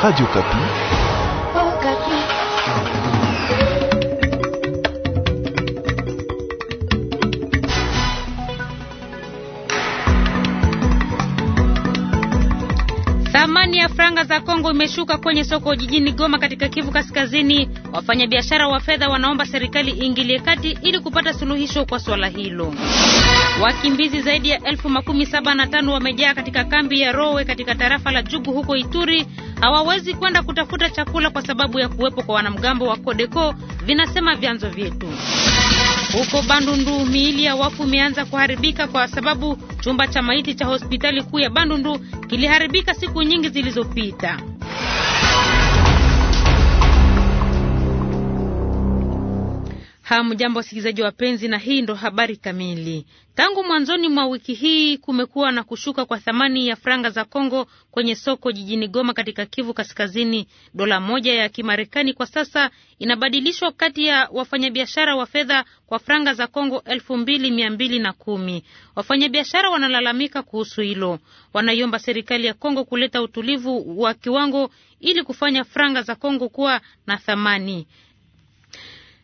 Radio Kapi. Oh, Kapi. Thamani ya franga za Kongo imeshuka kwenye soko jijini Goma katika Kivu Kaskazini. Wafanyabiashara wa fedha wanaomba serikali iingilie kati ili kupata suluhisho kwa swala hilo. Wakimbizi zaidi ya elfu makumi saba na tano wamejaa katika kambi ya Rowe katika tarafa la Jugu huko Ituri hawawezi kwenda kutafuta chakula kwa sababu ya kuwepo kwa wanamgambo wa Kodeko, vinasema vyanzo vyetu. Huko Bandundu miili ya wafu imeanza kuharibika kwa sababu chumba cha maiti cha hospitali kuu ya Bandundu kiliharibika siku nyingi zilizopita. Hamjambo wasikilizaji wapenzi, na hii ndo habari kamili. Tangu mwanzoni mwa wiki hii kumekuwa na kushuka kwa thamani ya franga za Kongo kwenye soko jijini Goma katika Kivu Kaskazini. Dola moja ya Kimarekani kwa sasa inabadilishwa kati ya wafanyabiashara wa fedha kwa franga za Kongo elfu mbili mia mbili na kumi. Wafanyabiashara wanalalamika kuhusu hilo, wanaiomba serikali ya Kongo kuleta utulivu wa kiwango ili kufanya franga za Kongo kuwa na thamani.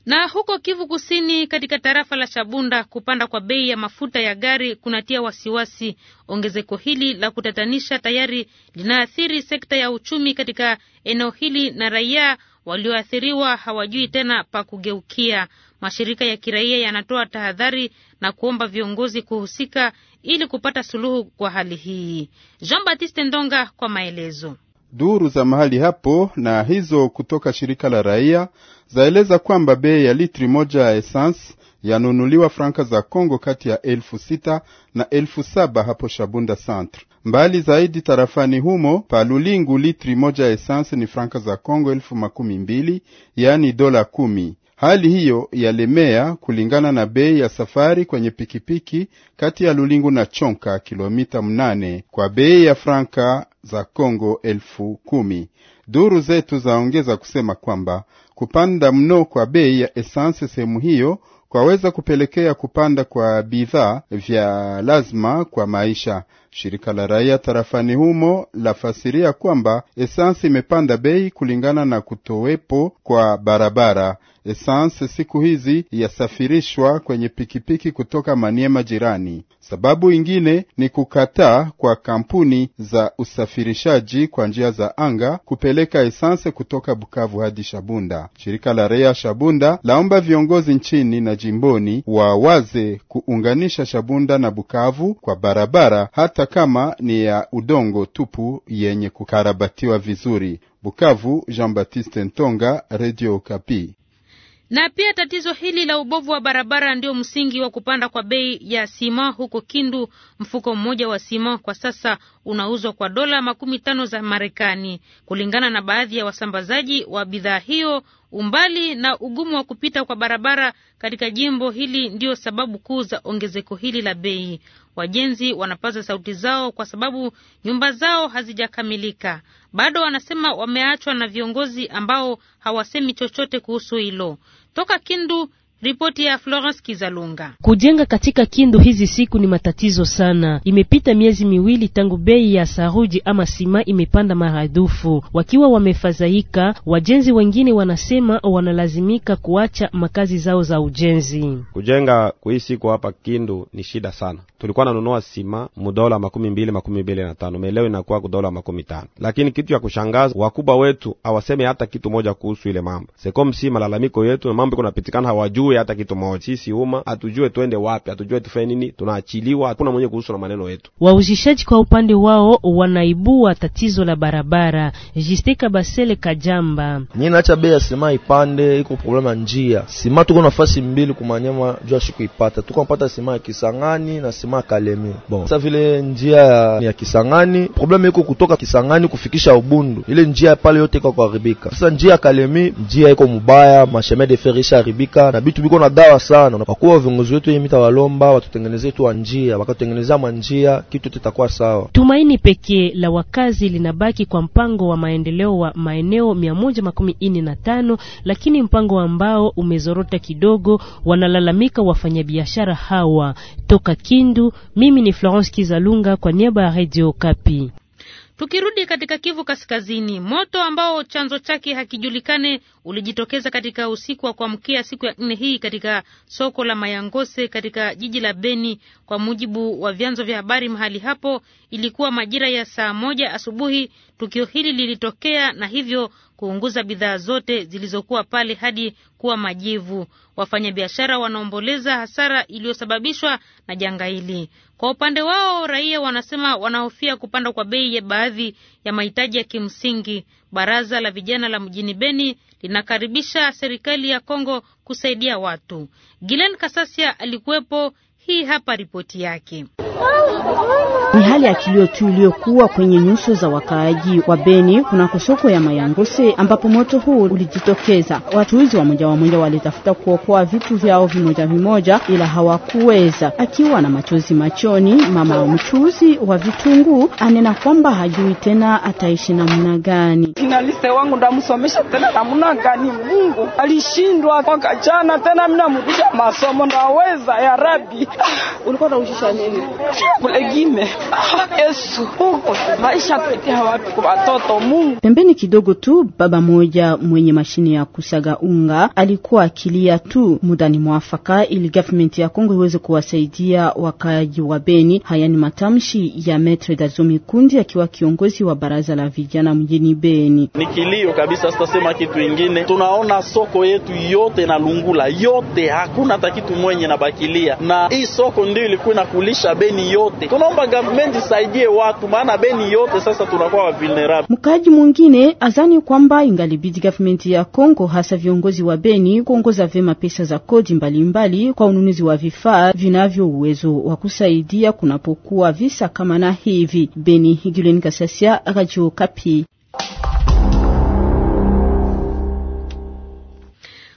Na huko Kivu Kusini, katika tarafa la Shabunda, kupanda kwa bei ya mafuta ya gari kunatia wasiwasi. Ongezeko hili la kutatanisha tayari linaathiri sekta ya uchumi katika eneo hili, na raia walioathiriwa hawajui tena pa kugeukia. Mashirika ya kiraia yanatoa tahadhari na kuomba viongozi kuhusika ili kupata suluhu kwa hali hii. Jean Baptiste Ndonga kwa maelezo. Duru za mahali hapo na hizo kutoka shirika la raia zaeleza kwamba bei ya litri moja ya essence yanunuliwa franka za Kongo kati ya elfu sita na elfu saba hapo Shabunda Centre. Mbali zaidi tarafani humo palulingu, litri moja ya essence ni franka za Kongo elfu makumi mbili yaani dola kumi. Hali hiyo yalemea kulingana na bei ya safari kwenye pikipiki kati ya Lulingu na Chonka, kilomita mnane, kwa bei ya franka za Kongo elfu kumi. Duru zetu zaongeza kusema kwamba kupanda mno kwa bei ya esanse sehemu hiyo kwaweza kupelekea kupanda kwa bidhaa vya lazima kwa maisha. Shirika la raia tarafani humo lafasiria kwamba esansi imepanda bei kulingana na kutowepo kwa barabara. Esansi siku hizi yasafirishwa kwenye pikipiki kutoka Maniema jirani. Sababu ingine ni kukataa kwa kampuni za usafirishaji kwa njia za anga kupeleka esansi kutoka Bukavu hadi Shabunda. Shirika la raia Shabunda laomba viongozi nchini na jimboni wawaze kuunganisha Shabunda na Bukavu kwa barabara hata kama ni ya udongo tupu yenye kukarabatiwa vizuri. Bukavu, Jean Baptiste Ntonga, Radio Kapi. Na pia tatizo hili la ubovu wa barabara ndio msingi wa kupanda kwa bei ya sima huko Kindu. Mfuko mmoja wa sima kwa sasa unauzwa kwa dola makumi tano za Marekani, kulingana na baadhi ya wasambazaji wa bidhaa hiyo. Umbali na ugumu wa kupita kwa barabara katika jimbo hili ndio sababu kuu za ongezeko hili la bei. Wajenzi wanapaza sauti zao kwa sababu nyumba zao hazijakamilika bado. Wanasema wameachwa na viongozi ambao hawasemi chochote kuhusu hilo. Toka Kindu, Ripoti ya Florence Kizalunga. Kujenga katika Kindu hizi siku ni matatizo sana. Imepita miezi miwili tangu bei ya saruji ama sima imepanda maradufu. Wakiwa wamefadhaika, wajenzi wengine wanasema wanalazimika kuacha makazi zao za ujenzi. Kujenga hii siku hapa Kindu ni shida sana. Tulikuwa nanunua sima mudola makumi mbili makumi mbili na tano meleo inakuwa kudola makumi tano, lakini kitu ya kushangaza wakubwa wetu hawaseme hata kitu moja kuhusu ile mambo. Sekom malalamiko yetu na mambo iko napitikana hawajui hatujue hata kitu moja. Sisi umma hatujue twende wapi, hatujue tufanye nini, tunaachiliwa, hakuna mwenye kuhusu na maneno yetu. Wauzishaji kwa upande wao wanaibua tatizo la barabara. Jistika Basele Kajamba: naacha bei ya sima ipande, iko problema njia sima. Tuko nafasi mbili kumanyema jua siku ipata, tuko napata sima ya Kisangani na sima ya Kalemi. Bon, sasa vile njia ya Kisangani problema iko kutoka Kisangani kufikisha Ubundu, ile njia pale yote iko kuharibika. Sasa njia ya Kalemi njia iko mubaya, mashemede ferisha haribika na vitu viko na dawa sana, kwa kuwa viongozi wetu yenye mitawalomba watutengenezee tu njia, wakatutengenezea manjia kitu titakuwa sawa. Tumaini pekee la wakazi linabaki kwa mpango wa maendeleo wa maeneo mia moja makumi ini na tano, lakini mpango ambao umezorota kidogo, wanalalamika wafanyabiashara hawa. Toka Kindu, mimi ni Florence Kizalunga kwa niaba ya Radio Kapi. Tukirudi katika Kivu Kaskazini, moto ambao chanzo chake hakijulikane ulijitokeza katika usiku wa kuamkia siku ya nne hii katika soko la Mayangose katika jiji la Beni. Kwa mujibu wa vyanzo vya habari mahali hapo, ilikuwa majira ya saa moja asubuhi tukio hili lilitokea na hivyo kuunguza bidhaa zote zilizokuwa pale hadi kuwa majivu. Wafanyabiashara wanaomboleza hasara iliyosababishwa na janga hili. Kwa upande wao raia wanasema wanahofia kupanda kwa bei ya baadhi ya mahitaji ya kimsingi. Baraza la vijana la mjini Beni linakaribisha serikali ya Kongo kusaidia watu. Gilen Kasasia alikuwepo, hii hapa ripoti yake. Ni hali ya kilio tu iliyokuwa kwenye nyuso za wakaaji wa Beni kunako soko ya mayangose ambapo moto huu ulijitokeza. moja wamoja wamoja walitafuta kuokoa vitu vyao vimoja vimoja, ila hawakuweza. Akiwa na machozi machoni, mama wa mchuuzi wa vitunguu anena kwamba hajui tena ataishi namna gani. Finaliste wangu ndamsomesha tena namna gani? Mungu alishindwa mwaka jana, tena mimi namrudisha masomo, ndaweza ya rabi ulikuwa unahusisha nini gime. Yesu, Mungu, maisha tupitia wapi kwa watoto Mungu? Pembeni kidogo tu, baba moja mwenye mashine ya kusaga unga alikuwa akilia tu. Mudani mwafaka ili government ya Kongo iweze kuwasaidia wakaaji wa Beni. Haya ni matamshi ya Metre Dazomi Kundi akiwa kiongozi wa baraza la vijana mjini Beni. Ni kilio kabisa, sitasema kitu ingine. Tunaona soko yetu yote na lungula yote, hakuna hata kitu mwenye na bakilia na hii soko ndio ilikuwa inakulisha Beni yote. Tunaomba government isaidie watu, maana Beni yote sasa tunakuwa wa vulnerable. Mkaji mwingine azani kwamba ingalibidi government ya Kongo hasa viongozi wa Beni kuongoza vema pesa za kodi mbalimbali mbali, kwa ununuzi wa vifaa vinavyo uwezo wa kusaidia kunapokuwa visa kama na hivi. Beni, Gilen Kasasia, Radio Kapi.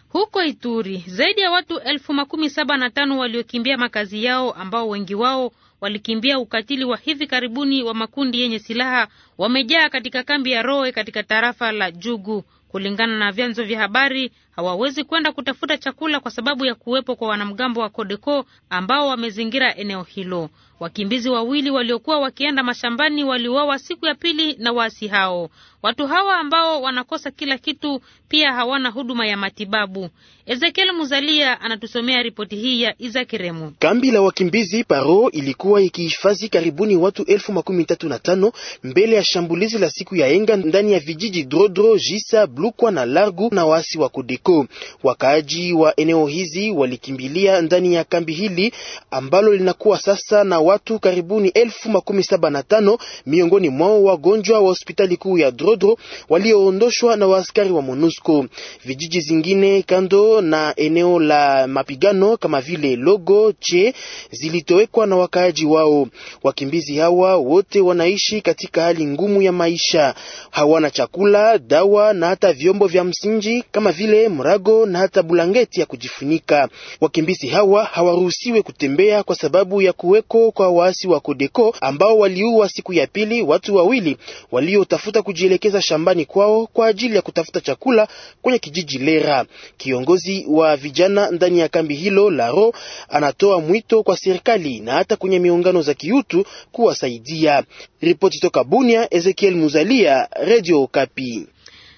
Huko Ituri zaidi ya watu elfu makumi saba na tano waliokimbia makazi yao ambao wengi wao walikimbia ukatili wa hivi karibuni wa makundi yenye silaha wamejaa katika kambi ya Roe katika tarafa la Jugu. Kulingana na vyanzo vya habari, hawawezi kwenda kutafuta chakula kwa sababu ya kuwepo kwa wanamgambo wa Kodeko ambao wamezingira eneo hilo. Wakimbizi wawili waliokuwa wakienda mashambani waliuawa siku ya pili na waasi hao. Watu hawa ambao wanakosa kila kitu pia hawana huduma ya matibabu. Ezekiel Muzalia anatusomea ripoti hii ya Izakiremu. Kambi la wakimbizi Paro ilikuwa ikihifadhi karibuni watu elfu makumi tatu na tano mbele ya shambulizi la siku ya enga ndani ya vijiji Drodro, Jisa, Blukwa na Largu na waasi wa Kodeko. Wakaaji wa eneo hizi walikimbilia ndani ya kambi hili ambalo linakuwa sasa na watu karibuni elfu makumi saba na tano, miongoni mwao wagonjwa wa hospitali kuu ya Drodro walioondoshwa na waaskari wa MONUSCO. Vijiji zingine kando na eneo la mapigano kama vile Logo Che zilitowekwa na wakaaji wao. Wakimbizi hawa wote wanaishi katika hali ngumu ya maisha, hawana chakula, dawa na hata vyombo vya msingi kama vile mrago na hata bulangeti ya kujifunika. Wakimbizi hawa hawaruhusiwe kutembea kwa sababu ya kuweko kwa waasi wa Kodeko ambao waliua siku ya pili watu wawili waliotafuta kujielekeza shambani kwao kwa ajili ya kutafuta chakula kwenye kijiji Lera. Kiongozi wa vijana ndani ya kambi hilo Laro anatoa mwito kwa serikali na hata kwenye miungano za kiutu kuwasaidia. Ripoti toka Bunia, Ezekiel Muzalia, Radio Kapi.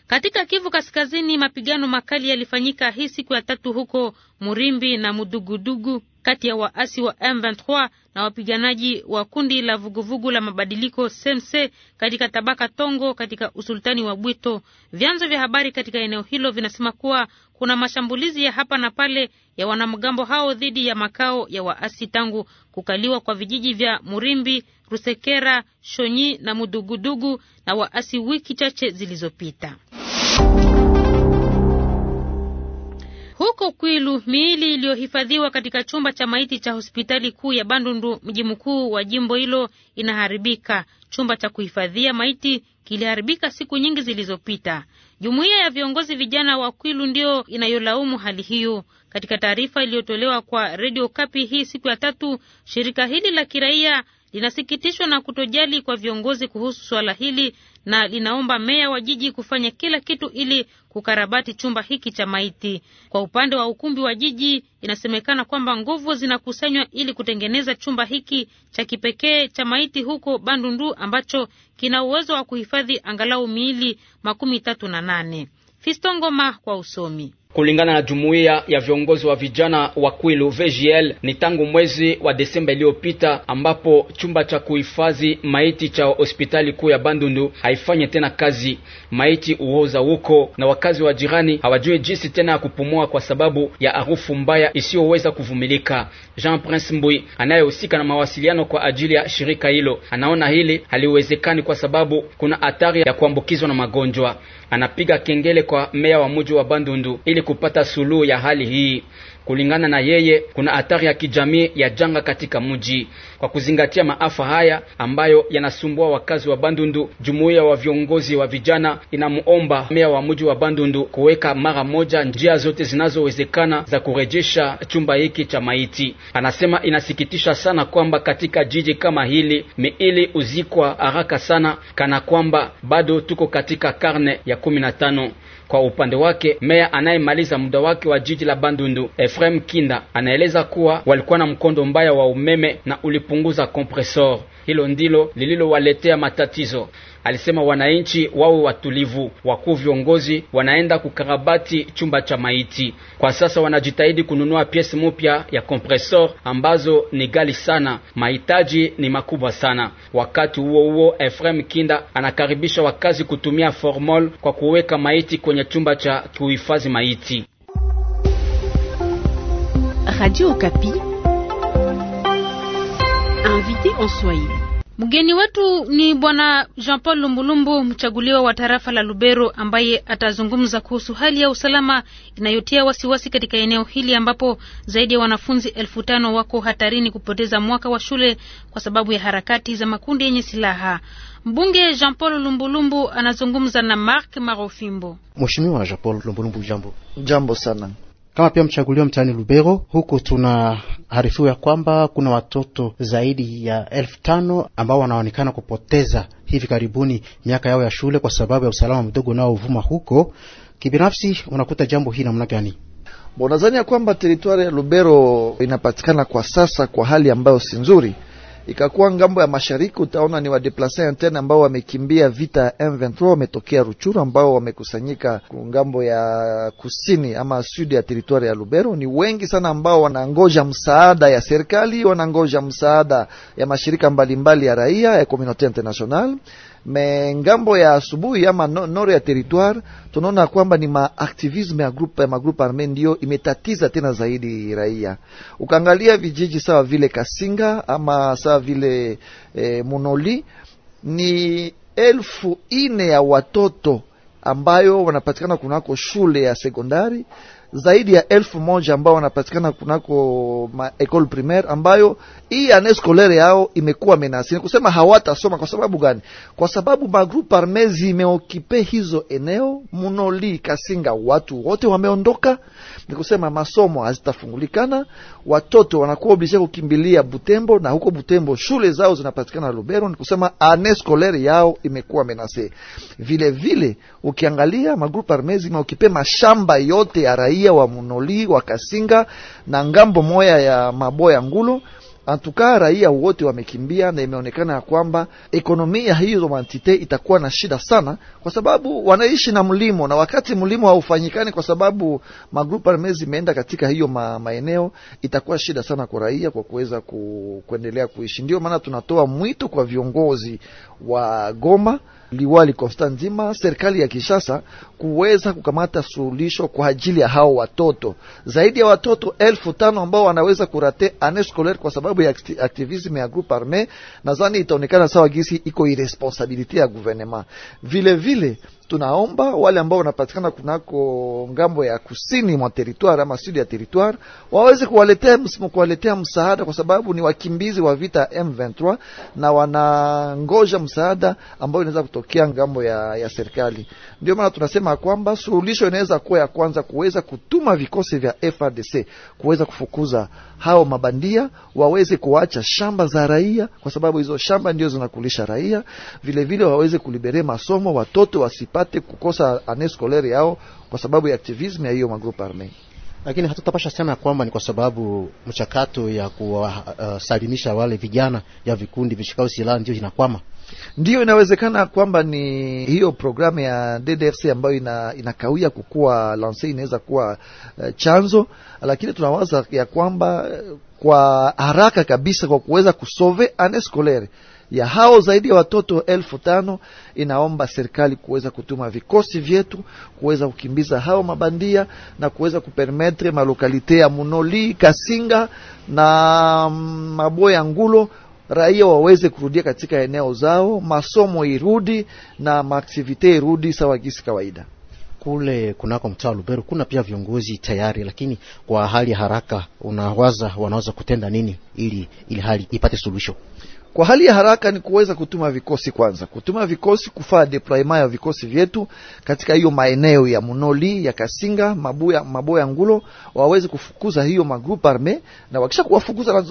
Katika Kivu Kaskazini, mapigano makali yalifanyika hii siku ya tatu huko Murimbi na Mudugudugu kati ya waasi wa M23 na wapiganaji wa kundi la vuguvugu la mabadiliko smc katika tabaka Tongo katika usultani wa Bwito. Vyanzo vya habari katika eneo hilo vinasema kuwa kuna mashambulizi ya hapa na pale ya wanamgambo hao dhidi ya makao ya waasi tangu kukaliwa kwa vijiji vya Murimbi, Rusekera, Shonyi na Mudugudugu na waasi wiki chache zilizopita. Huko Kwilu, miili iliyohifadhiwa katika chumba cha maiti cha hospitali kuu ya Bandundu, mji mkuu wa jimbo hilo, inaharibika. Chumba cha kuhifadhia maiti kiliharibika siku nyingi zilizopita. Jumuiya ya viongozi vijana wa Kwilu ndio inayolaumu hali hiyo. Katika taarifa iliyotolewa kwa Radio Kapi hii siku ya tatu, shirika hili la kiraia linasikitishwa na kutojali kwa viongozi kuhusu swala hili na linaomba meya wa jiji kufanya kila kitu ili kukarabati chumba hiki cha maiti. Kwa upande wa ukumbi wa jiji, inasemekana kwamba nguvu zinakusanywa ili kutengeneza chumba hiki cha kipekee cha maiti huko Bandundu ambacho kina uwezo wa kuhifadhi angalau miili makumi tatu na nane. Fistongoma kwa usomi Kulingana na jumuiya ya viongozi wa vijana wa Kwilu VGL, ni tangu mwezi wa Desemba iliyopita ambapo chumba cha kuhifadhi maiti cha hospitali kuu ya Bandundu haifanye tena kazi. Maiti uoza huko na wakazi wa jirani hawajui jinsi tena ya kupumua kwa sababu ya harufu mbaya isiyoweza kuvumilika. Jean Prince Mbui anayehusika na mawasiliano kwa ajili ya shirika hilo anaona hili haliwezekani kwa sababu kuna hatari ya kuambukizwa na magonjwa anapiga kengele kwa meya wa muji wa Bandundu ili kupata suluhu ya hali hii. Kulingana na yeye, kuna hatari ya kijamii ya janga katika mji. Kwa kuzingatia maafa haya ambayo yanasumbua wakazi wa Bandundu, jumuiya wa viongozi wa vijana inamuomba meya wa mji wa Bandundu kuweka mara moja njia zote zinazowezekana za kurejesha chumba hiki cha maiti. Anasema inasikitisha sana kwamba katika jiji kama hili miili uzikwa haraka sana, kana kwamba bado tuko katika karne ya kumi na tano. Kwa upande wake meya anayemaliza muda wake wa jiji la Bandundu Efrem Kinda anaeleza kuwa walikuwa na mkondo mbaya wa umeme na ulipunguza kompresor. Hilo ndilo lililowaletea matatizo. Alisema wananchi wawe watulivu, wakuu viongozi wanaenda kukarabati chumba cha maiti. Kwa sasa wanajitahidi kununua piesi mupya ya kompresor ambazo ni gali sana, mahitaji ni makubwa sana. Wakati huo huo, Efrem Kinda anakaribisha wakazi kutumia formol kwa kuweka maiti kwenye chumba cha kuhifadhi maiti. Radio Okapi, invité en Swahili. Mgeni wetu ni bwana Jean Paul Lumbulumbu, mchaguliwa wa tarafa la Lubero, ambaye atazungumza kuhusu hali ya usalama inayotia wasiwasi katika eneo hili ambapo zaidi ya wanafunzi elfu tano wako hatarini kupoteza mwaka wa shule kwa sababu ya harakati za makundi yenye silaha. Mbunge Jean Paul Lumbulumbu anazungumza na Mark Marofimbo. Mheshimiwa Jean Paul Lumbulumbu, jambo. Jambo sana kama pia mchaguliwa mtaani Lubero. Huku tuna harifiwa ya kwamba kuna watoto zaidi ya elfu tano ambao wanaonekana kupoteza hivi karibuni miaka yao ya shule kwa sababu ya usalama mdogo uvuma huko. Kibinafsi unakuta jambo hili namna gani? Bonazani ya kwamba teritwari ya Lubero inapatikana kwa sasa kwa hali ambayo si nzuri ikakuwa ngambo ya mashariki, utaona ni wadeplace interne ambao wamekimbia vita ya M23 wametokea Ruchuru, ambao wamekusanyika ngambo ya kusini ama sudi ya teritwari ya Lubero. Ni wengi sana ambao wanangoja msaada ya serikali, wanangoja msaada ya mashirika mbalimbali mbali ya raia ya community international me ngambo ya asubuhi ama noro ya territoire tunaona kwamba ni maaktivisme ya grup ya magrupa arme ndiyo imetatiza tena zaidi raia. Ukaangalia vijiji sawa vile Kasinga ama sawa vile e, Munoli ni elfu ine ya watoto ambayo wanapatikana kunako shule ya sekondari zaidi ya elfu moja ambao wanapatikana kunako ecole primaire, ambayo hii ane scolaire yao imekuwa menasi. Ni kusema hawatasoma. Kwa sababu gani? Kwa sababu magrupu arme zimeokipe hizo eneo Munoli, Kasinga, watu wote wameondoka. Ni kusema masomo hazitafungulikana, watoto wanakuwa oblige kukimbilia Butembo, na huko Butembo shule zao zinapatikana Lubero. Ni kusema ane scolaire yao imekuwa menase. Vilevile ukiangalia magrupu arme zimeokipe mashamba yote ya raia raia wa Munoli wa Kasinga na ngambo moya ya Maboya Ngulu. Antukaa raia wote wamekimbia, na imeonekana ya kwamba ekonomia hiyo mantite itakuwa na shida sana, kwa sababu wanaishi na mlimo, na wakati mlimo haufanyikani kwa sababu magrupu arme zimeenda katika hiyo ma, maeneo, itakuwa shida sana kwa raia kwa kuweza ku, kuendelea kuishi. Ndio maana tunatoa mwito kwa viongozi wa Goma liwali nzima serikali ya Kishasa kuweza kukamata suluhisho kwa ajili ya hao watoto zaidi ya watoto elfu tano ambao wanaweza kurate ane scolaire kwa sababu ya aktivisme ya groupe arme. Nadhani itaonekana sawa gisi iko iresponsabilite ya guvernema vilevile tunaomba wale ambao wanapatikana kunako ngambo ya kusini mwa teritoire ama sudi ya teritoire waweze kuwaletea, msimu kuwaletea msaada kwa sababu ni wakimbizi wa vita M23 na wanangoja msaada ambao inaweza kutokea ngambo ya, ya serikali. Ndio maana tunasema kwamba suluhisho inaweza kuwa ya kwanza kuweza kutuma vikosi vya FRDC kuweza kufukuza hao mabandia, waweze kuacha shamba za raia, kwa sababu hizo shamba ndio zinakulisha raia Vile vile waweze kulibere masomo watoto wasipa wasipate kukosa ane scolaire yao kwa sababu ya aktivisme ya hiyo magrupu arme. Lakini hatutapasha sema kwamba ni kwa sababu mchakato ya kuwasalimisha uh, wale vijana ya vikundi vishikao silaha ndio inakwama. Ndiyo, inawezekana kwamba ni hiyo programu ya DDFC ambayo ina, inakawia kukuwa lanse inaweza kuwa uh, chanzo, lakini tunawaza ya kwamba eh, kwa haraka kabisa kwa kuweza kusove ane scolaire ya hao zaidi ya watoto elfu tano inaomba serikali kuweza kutuma vikosi vyetu kuweza kukimbiza hao mabandia na kuweza kupermetre malokalite ya Munoli, Kasinga na mm, Maboya Ngulo raia waweze kurudia katika eneo zao, masomo irudi na maaktivite irudi sawa gisi kawaida. Kule kunako mtaa Lubero kuna pia viongozi tayari, lakini kwa hali haraka, unawaza wanaweza kutenda nini ili ili hali ipate suluhisho? Kwa hali ya haraka ni kuweza kutuma vikosi kwanza, kutuma vikosi kufaa deployema ya vikosi vyetu katika hiyo maeneo ya Munoli, ya Kasinga, Mabuya, Maboya, Ngulo, waweze kufukuza hiyo magrup arme, na wakisha kuwafukuza,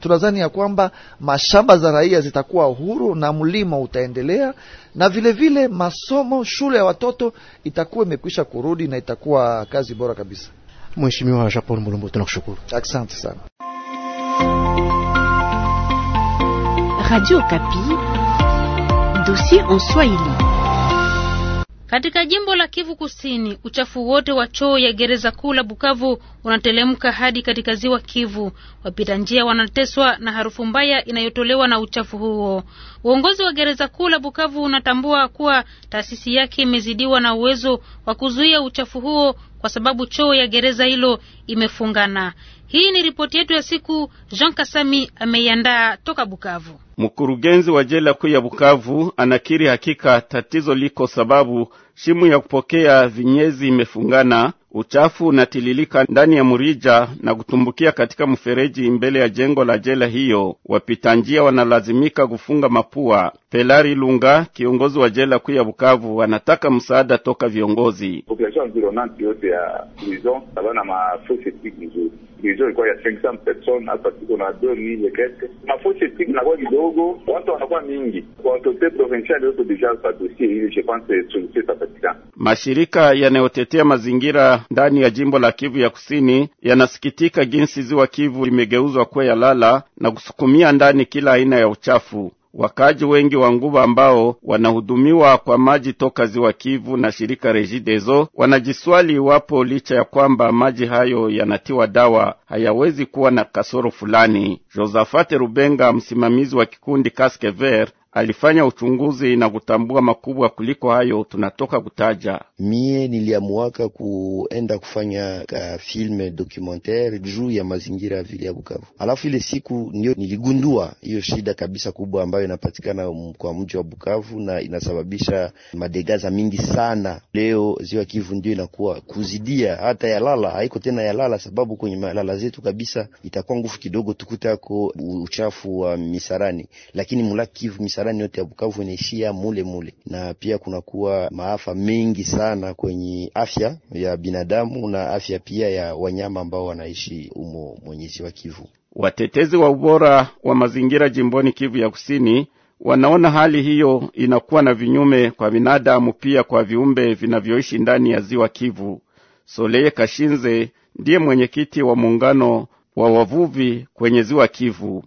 tunadhani ya kwamba mashamba za raia zitakuwa uhuru na mlima utaendelea, na vilevile vile masomo, shule ya watoto itakuwa imekwisha kurudi na itakuwa kazi bora kabisa. Mheshimiwa Japon Mulumbu, tunakushukuru. Asante sana. Radio Kapi, dossier en Swahili. Katika jimbo la Kivu Kusini, uchafu wote wa choo ya gereza kuu la Bukavu unatelemka hadi katika ziwa Kivu. Wapita njia wanateswa na harufu mbaya inayotolewa na uchafu huo. Uongozi wa gereza kuu la Bukavu unatambua kuwa taasisi yake imezidiwa na uwezo wa kuzuia uchafu huo kwa sababu choo ya gereza hilo imefungana. Hii ni ripoti yetu ya siku. Jean Kasami ameiandaa toka Bukavu. Mkurugenzi wa jela kuu ya Bukavu anakiri hakika tatizo liko, sababu shimu ya kupokea vinyezi imefungana Uchafu unatililika ndani ya murija na kutumbukia katika mfereji mbele ya jengo la jela hiyo. Wapita njia wanalazimika kufunga mapua. Pelari Lunga, kiongozi wa jela kuu ya Bukavu, anataka msaada toka viongozi. Population environnante yote ya prison abana mafeu septique vizuri. Prison ilikuwa ya 500 person, hapa tuko na 2000 kete. Mafeu septique kidogo, watu wanakuwa mingi. Kwa autorite provinciale yote deja pa dossier ile, je pense solution itapatikana. Mashirika yanayotetea mazingira ndani ya jimbo la Kivu ya Kusini yanasikitika jinsi ziwa Kivu limegeuzwa kuwa lala na kusukumia ndani kila aina ya uchafu. Wakaji wengi wa nguva ambao wanahudumiwa kwa maji toka ziwa Kivu na shirika Regideso wanajiswali iwapo licha ya kwamba maji hayo yanatiwa dawa hayawezi kuwa na kasoro fulani. Josafate Rubenga, msimamizi wa kikundi Casque Vert, alifanya uchunguzi na kutambua makubwa kuliko hayo tunatoka kutaja. Mie niliamuaka kuenda kufanya ka filme documentaire juu ya mazingira ya vile ya Bukavu, alafu ile siku ndio niligundua hiyo shida kabisa kubwa ambayo inapatikana kwa mji wa Bukavu na inasababisha madegaza mingi sana. Leo ziwa Kivu ndio inakuwa kuzidia hata yalala, haiko tena yalala sababu kwenye malala zetu kabisa itakuwa ngufu kidogo tukutako uchafu wa misarani, lakini mulaki Kivu misarani barabarani yote ya Bukavu inaishia mule mule, na pia kunakuwa maafa mengi sana kwenye afya ya binadamu na afya pia ya wanyama ambao wanaishi umo mwenye ziwa Kivu. Watetezi wa ubora wa mazingira jimboni Kivu ya Kusini wanaona hali hiyo inakuwa na vinyume kwa binadamu pia kwa viumbe vinavyoishi ndani ya ziwa Kivu. Soleye Kashinze ndiye mwenyekiti wa muungano wa wavuvi kwenye ziwa Kivu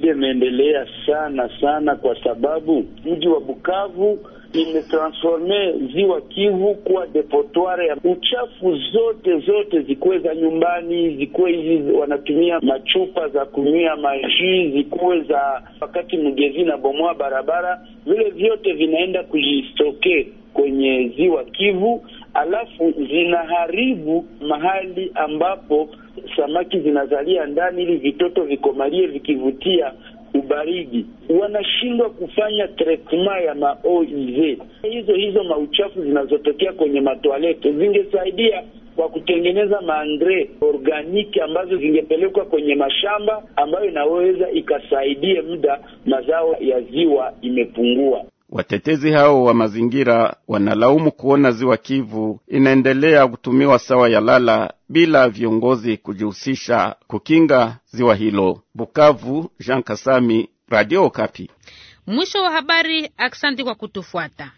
shida imeendelea sana sana, kwa sababu mji wa Bukavu imetransforme ziwa Kivu kuwa depotoire ya uchafu zote zote, zikuwe za nyumbani, zikuwe hizi wanatumia machupa za kunywia maji, zikuwe za wakati mgezi na bomoa barabara, vile vyote vinaenda kujistoke kwenye ziwa Kivu, alafu zinaharibu mahali ambapo samaki zinazalia ndani ili vitoto vikomalie vikivutia ubaridi. Wanashindwa kufanya tretma ya maoiz hizo hizo, mauchafu zinazotokea kwenye matoalete zingesaidia kwa kutengeneza maandre organiki ambazo zingepelekwa kwenye mashamba ambayo inaweza ikasaidie muda mazao ya ziwa imepungua. Watetezi hao wa mazingira wanalaumu kuona ziwa Kivu inaendelea kutumiwa sawa ya lala bila viongozi kujihusisha kukinga ziwa hilo. Bukavu, Jean Kasami, Radio Kapi. Mwisho wa habari. Aksanti kwa kutufuata.